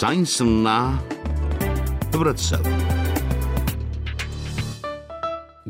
ሳይንስና ህብረተሰብ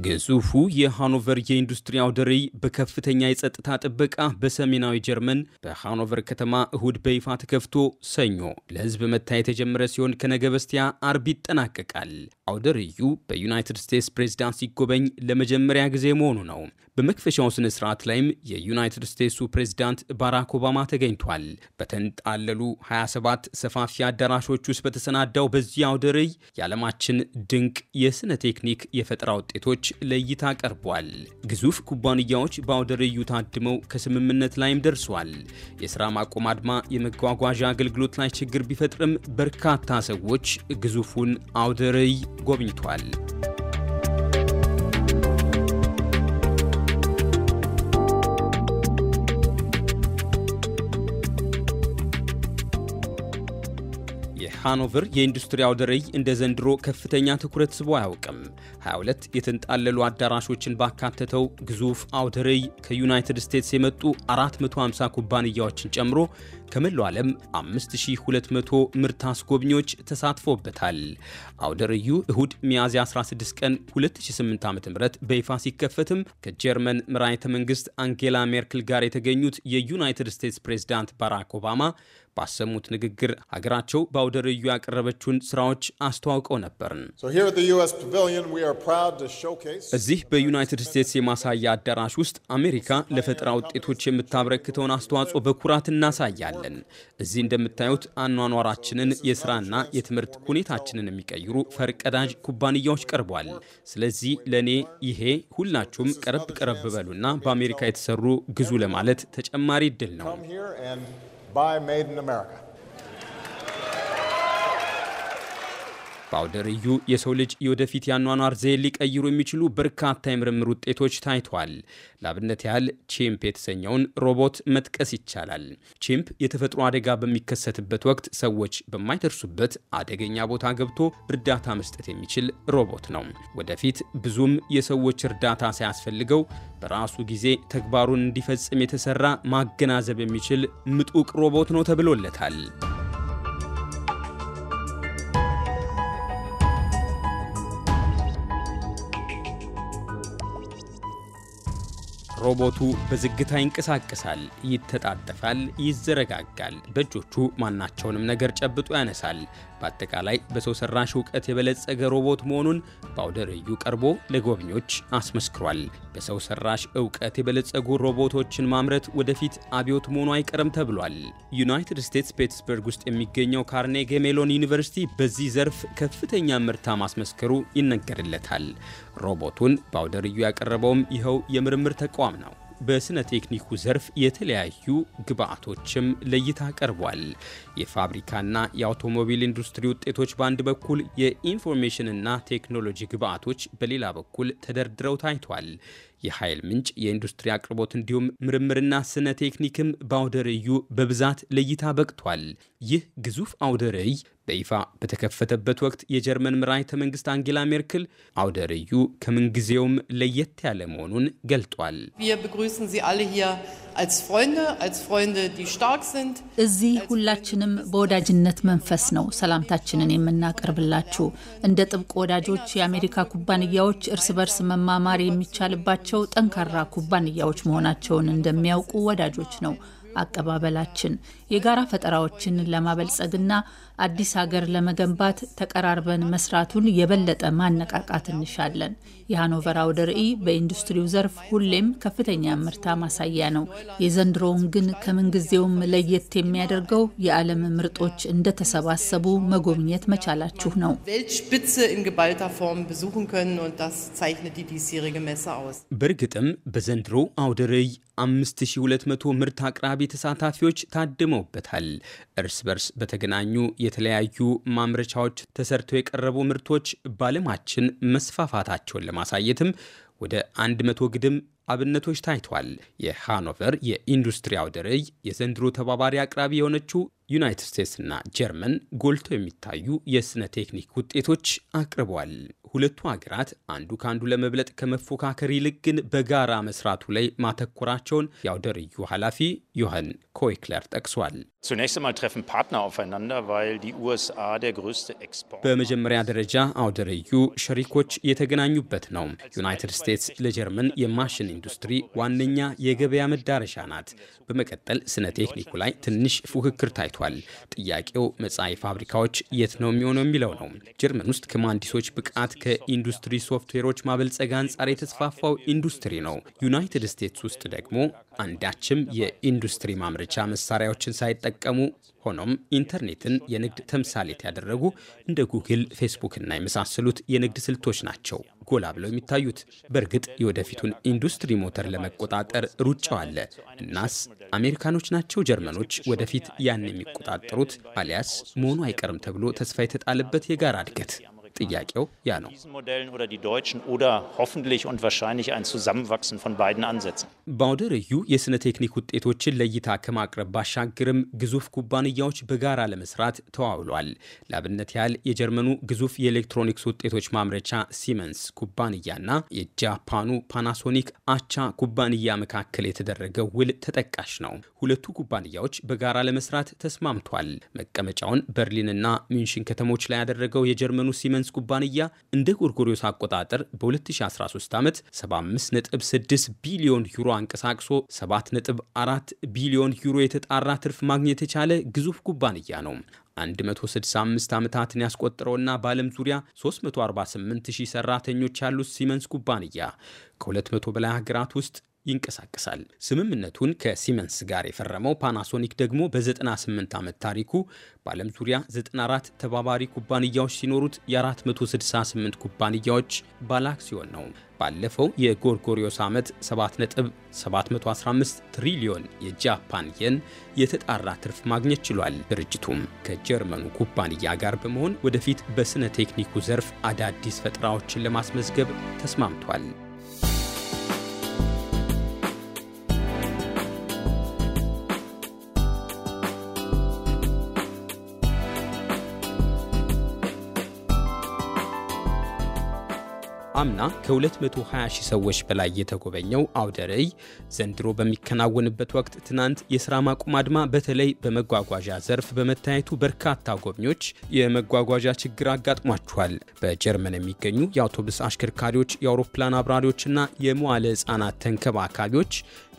ግዙፉ የሃኖቨር የኢንዱስትሪ አውደ ርዕይ በከፍተኛ የጸጥታ ጥበቃ በሰሜናዊ ጀርመን በሃኖቨር ከተማ እሁድ በይፋ ተከፍቶ ሰኞ ለህዝብ መታየት የጀመረ ሲሆን ከነገ በስቲያ አርብ ይጠናቀቃል። አውደ ርዕዩ በዩናይትድ ስቴትስ ፕሬዝዳንት ሲጎበኝ ለመጀመሪያ ጊዜ መሆኑ ነው። በመክፈሻው ስነ ስርዓት ላይም የዩናይትድ ስቴትሱ ፕሬዝዳንት ባራክ ኦባማ ተገኝቷል። በተንጣለሉ 27 ሰፋፊ አዳራሾች ውስጥ በተሰናዳው በዚህ አውደ ርዕይ የዓለማችን ድንቅ የሥነ ቴክኒክ የፈጠራ ውጤቶች ለእይታ ቀርቧል። ግዙፍ ኩባንያዎች በአውደ ርዕዩ ታድመው ከስምምነት ላይም ደርሷል። የሥራ ማቆም አድማ የመጓጓዣ አገልግሎት ላይ ችግር ቢፈጥርም በርካታ ሰዎች ግዙፉን አውደ ርዕይ ጎብኝቷል። ሃኖቨር የኢንዱስትሪ አውደ ርዕይ እንደ ዘንድሮ ከፍተኛ ትኩረት ስቦ አያውቅም። 22 የተንጣለሉ አዳራሾችን ባካተተው ግዙፍ አውደ ርዕይ ከዩናይትድ ስቴትስ የመጡ 450 ኩባንያዎችን ጨምሮ ከመላው ዓለም 5200 ምርት አስጎብኚዎች ተሳትፎበታል። አውደ ርዕዩ እሁድ ሚያዝያ 16 ቀን 2008 ዓ ም በይፋ ሲከፈትም ከጀርመን መራሒተ መንግስት አንጌላ ሜርክል ጋር የተገኙት የዩናይትድ ስቴትስ ፕሬዝዳንት ባራክ ኦባማ ባሰሙት ንግግር ሀገራቸው በአውደ ርዕዩ ያቀረበችውን ስራዎች አስተዋውቀው ነበርን። እዚህ በዩናይትድ ስቴትስ የማሳያ አዳራሽ ውስጥ አሜሪካ ለፈጠራ ውጤቶች የምታበረክተውን አስተዋጽኦ በኩራት እናሳያል። እንችላለን። እዚህ እንደምታዩት አኗኗራችንን፣ የስራና የትምህርት ሁኔታችንን የሚቀይሩ ፈርቀዳጅ ኩባንያዎች ቀርቧል። ስለዚህ ለእኔ ይሄ ሁላችሁም ቀረብ ቀረብ በሉና በአሜሪካ የተሰሩ ግዙ ለማለት ተጨማሪ እድል ነው። በአውደ ርዕዩ የሰው ልጅ የወደፊት ያኗኗር ዘ ሊቀይሩ የሚችሉ በርካታ የምርምር ውጤቶች ታይተዋል። ለአብነት ያህል ቺምፕ የተሰኘውን ሮቦት መጥቀስ ይቻላል። ቺምፕ የተፈጥሮ አደጋ በሚከሰትበት ወቅት ሰዎች በማይደርሱበት አደገኛ ቦታ ገብቶ እርዳታ መስጠት የሚችል ሮቦት ነው። ወደፊት ብዙም የሰዎች እርዳታ ሳያስፈልገው በራሱ ጊዜ ተግባሩን እንዲፈጽም የተሰራ ማገናዘብ የሚችል ምጡቅ ሮቦት ነው ተብሎለታል። ሮቦቱ በዝግታ ይንቀሳቀሳል፣ ይተጣጠፋል፣ ይዘረጋጋል። በእጆቹ ማናቸውንም ነገር ጨብጦ ያነሳል። በአጠቃላይ በሰው ሰራሽ እውቀት የበለጸገ ሮቦት መሆኑን በአውደ ርዕዩ ቀርቦ ለጎብኚዎች አስመስክሯል። በሰው ሰራሽ እውቀት የበለጸጉ ሮቦቶችን ማምረት ወደፊት አብዮት መሆኑ አይቀርም ተብሏል። ዩናይትድ ስቴትስ ፔትስበርግ ውስጥ የሚገኘው ካርኔጌ ሜሎን ዩኒቨርሲቲ በዚህ ዘርፍ ከፍተኛ ምርታ ማስመስከሩ ይነገርለታል። ሮቦቱን በአውደ ርዕዩ ያቀረበውም ይኸው የምርምር ተቋም ነው። በስነ ቴክኒኩ ዘርፍ የተለያዩ ግብዓቶችም ለይታ ቀርቧል። የፋብሪካና የአውቶሞቢል ኢንዱስትሪ ውጤቶች በአንድ በኩል፣ የኢንፎርሜሽንና ቴክኖሎጂ ግብዓቶች በሌላ በኩል ተደርድረው ታይቷል። የኃይል ምንጭ፣ የኢንዱስትሪ አቅርቦት እንዲሁም ምርምርና ስነ ቴክኒክም በአውደ ርዕዩ በብዛት ለእይታ በቅቷል። ይህ ግዙፍ አውደ ርዕይ በይፋ በተከፈተበት ወቅት የጀርመን መራሒተ መንግስት አንጌላ ሜርክል አውደ ርዕዩ ከምንጊዜውም ለየት ያለ መሆኑን ገልጧል። እዚህ ሁላችንም በወዳጅነት መንፈስ ነው ሰላምታችንን የምናቀርብላችሁ። እንደ ጥብቅ ወዳጆች የአሜሪካ ኩባንያዎች እርስ በርስ መማማር የሚቻልባቸው ያላቸው ጠንካራ ኩባንያዎች መሆናቸውን እንደሚያውቁ ወዳጆች ነው አቀባበላችን የጋራ ፈጠራዎችን ለማበልጸግና አዲስ ሀገር ለመገንባት ተቀራርበን መስራቱን የበለጠ ማነቃቃት እንሻለን። የሃኖቨር አውደ ርዕይ በኢንዱስትሪው ዘርፍ ሁሌም ከፍተኛ ምርታ ማሳያ ነው። የዘንድሮውን ግን ከምንጊዜውም ለየት የሚያደርገው የዓለም ምርጦች እንደተሰባሰቡ መጎብኘት መቻላችሁ ነው። በእርግጥም በዘንድሮ አውደ ርዕይ 5200 ምርት አቅራቢ ተሳታፊዎች ታድመውበታል። እርስ በርስ በተገናኙ የተለያዩ ማምረቻዎች ተሰርተው የቀረቡ ምርቶች በዓለማችን መስፋፋታቸውን ለማሳየትም ወደ 100 ግድም አብነቶች ታይቷል። የሃኖቨር የኢንዱስትሪ አውደ ርዕይ የዘንድሮ ተባባሪ አቅራቢ የሆነችው ዩናይትድ ና ጀርመን ጎልተው የሚታዩ የስነ ቴክኒክ ውጤቶች አቅርበዋል። ሁለቱ ሀገራት አንዱ ከአንዱ ለመብለጥ ከመፎካከር ይልቅ ግን በጋራ መስራቱ ላይ ማተኮራቸውን የአውደርዩ ኃላፊ ዮሐን ኮይክለር ጠቅሷል። በመጀመሪያ ደረጃ አውደርዩ ሸሪኮች የተገናኙበት ነው። ዩናይትድ ስቴትስ ለጀርመን የማሽን ኢንዱስትሪ ዋነኛ የገበያ መዳረሻ ናት። በመቀጠል ስነ ቴክኒኩ ላይ ትንሽ ፉክክር ታይቷል። ጥያቄው መጻኢ ፋብሪካዎች የት ነው የሚሆነው የሚለው ነው። ጀርመን ውስጥ ከማንዲሶች ብቃት ከኢንዱስትሪ ሶፍትዌሮች ማበልጸግ አንጻር የተስፋፋው ኢንዱስትሪ ነው። ዩናይትድ ስቴትስ ውስጥ ደግሞ አንዳችም የኢንዱስትሪ ማምረቻ መሳሪያዎችን ሳይጠቀሙ ሆኖም ኢንተርኔትን የንግድ ተምሳሌት ያደረጉ እንደ ጉግል፣ እና የመሳሰሉት የንግድ ስልቶች ናቸው ጎላ ብለው የሚታዩት። በእርግጥ የወደፊቱን ኢንዱስትሪ ሞተር ለመቆጣጠር ሩጫው አለ። እናስ አሜሪካኖች ናቸው ጀርመኖች ወደፊት ያን የሚቆጣጠሩት አሊያስ መሆኑ አይቀርም ተብሎ ተስፋ የተጣለበት የጋራ እድገት ጥያቄው ያ ነው። በአውደ ርዕዩ የሥነ ቴክኒክ ውጤቶችን ለእይታ ከማቅረብ ባሻገርም ግዙፍ ኩባንያዎች በጋራ ለመስራት ተዋውሏል። ለአብነት ያህል የጀርመኑ ግዙፍ የኤሌክትሮኒክስ ውጤቶች ማምረቻ ሲመንስ ኩባንያና የጃፓኑ ፓናሶኒክ አቻ ኩባንያ መካከል የተደረገው ውል ተጠቃሽ ነው። ሁለቱ ኩባንያዎች በጋራ ለመስራት ተስማምቷል። መቀመጫውን በርሊንና ሚንሽን ከተሞች ላይ ያደረገው የጀርመኑ ሲመንስ የግብፅ ኩባንያ እንደ ጎርጎሪዮስ አቆጣጠር በ2013 ዓመት 75.6 ቢሊዮን ዩሮ አንቀሳቅሶ 7.4 ቢሊዮን ዩሮ የተጣራ ትርፍ ማግኘት የቻለ ግዙፍ ኩባንያ ነው። 165 ዓመታትን ያስቆጠረውና በዓለም ዙሪያ 348 ሺህ ሰራተኞች ያሉት ሲመንስ ኩባንያ ከ200 በላይ ሀገራት ውስጥ ይንቀሳቀሳል። ስምምነቱን ከሲመንስ ጋር የፈረመው ፓናሶኒክ ደግሞ በ98 ዓመት ታሪኩ በዓለም ዙሪያ 94 ተባባሪ ኩባንያዎች ሲኖሩት የ468 ኩባንያዎች ባለአክሲዮን ነው። ባለፈው የጎርጎሪዮስ ዓመት 7.715 ትሪሊዮን የጃፓን የን የተጣራ ትርፍ ማግኘት ችሏል። ድርጅቱም ከጀርመኑ ኩባንያ ጋር በመሆን ወደፊት በሥነ ቴክኒኩ ዘርፍ አዳዲስ ፈጠራዎችን ለማስመዝገብ ተስማምቷል። አምና ከ220 ሰዎች በላይ የተጎበኘው አውደ ርዕይ ዘንድሮ በሚከናወንበት ወቅት ትናንት የስራ ማቆም አድማ በተለይ በመጓጓዣ ዘርፍ በመታየቱ በርካታ ጎብኚዎች የመጓጓዣ ችግር አጋጥሟቸዋል። በጀርመን የሚገኙ የአውቶቡስ አሽከርካሪዎች፣ የአውሮፕላን አብራሪዎችና የመዋለ ሕጻናት ተንከባካቢዎች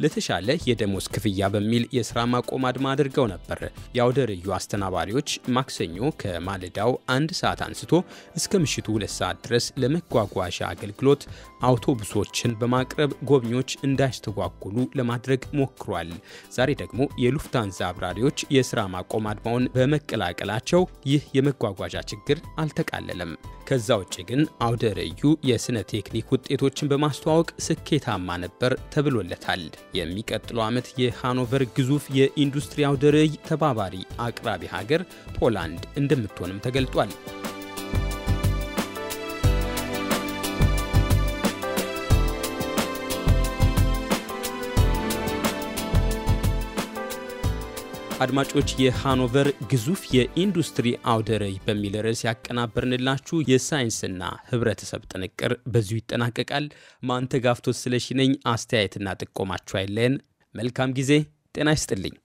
ለተሻለ የደሞዝ ክፍያ በሚል የስራ ማቆም አድማ አድርገው ነበር። የአውደ ርዕዩ አስተናባሪዎች ማክሰኞ ከማለዳው አንድ ሰዓት አንስቶ እስከ ምሽቱ ሁለት ሰዓት ድረስ ለመጓጓዣ አገልግሎት አውቶቡሶችን በማቅረብ ጎብኚዎች እንዳያስተጓጉሉ ለማድረግ ሞክሯል። ዛሬ ደግሞ የሉፍታንዛ አብራሪዎች የስራ ማቆም አድማውን በመቀላቀላቸው ይህ የመጓጓዣ ችግር አልተቃለለም። ከዛ ውጭ ግን አውደ ርዕዩ የስነ ቴክኒክ ውጤቶችን በማስተዋወቅ ስኬታማ ነበር ተብሎለታል። የሚቀጥለው ዓመት የሃኖቨር ግዙፍ የኢንዱስትሪ አውደ ርዕይ ተባባሪ አቅራቢ ሀገር ፖላንድ እንደምትሆንም ተገልጧል። አድማጮች የሃኖቨር ግዙፍ የኢንዱስትሪ አውደ ርዕይ በሚል ርዕስ ያቀናበርንላችሁ የሳይንስና ህብረተሰብ ጥንቅር በዚሁ ይጠናቀቃል። ማንተጋፍቶት ስለሺ አስተያየትና ጥቆማችሁ አይለየን። መልካም ጊዜ። ጤና ይስጥልኝ።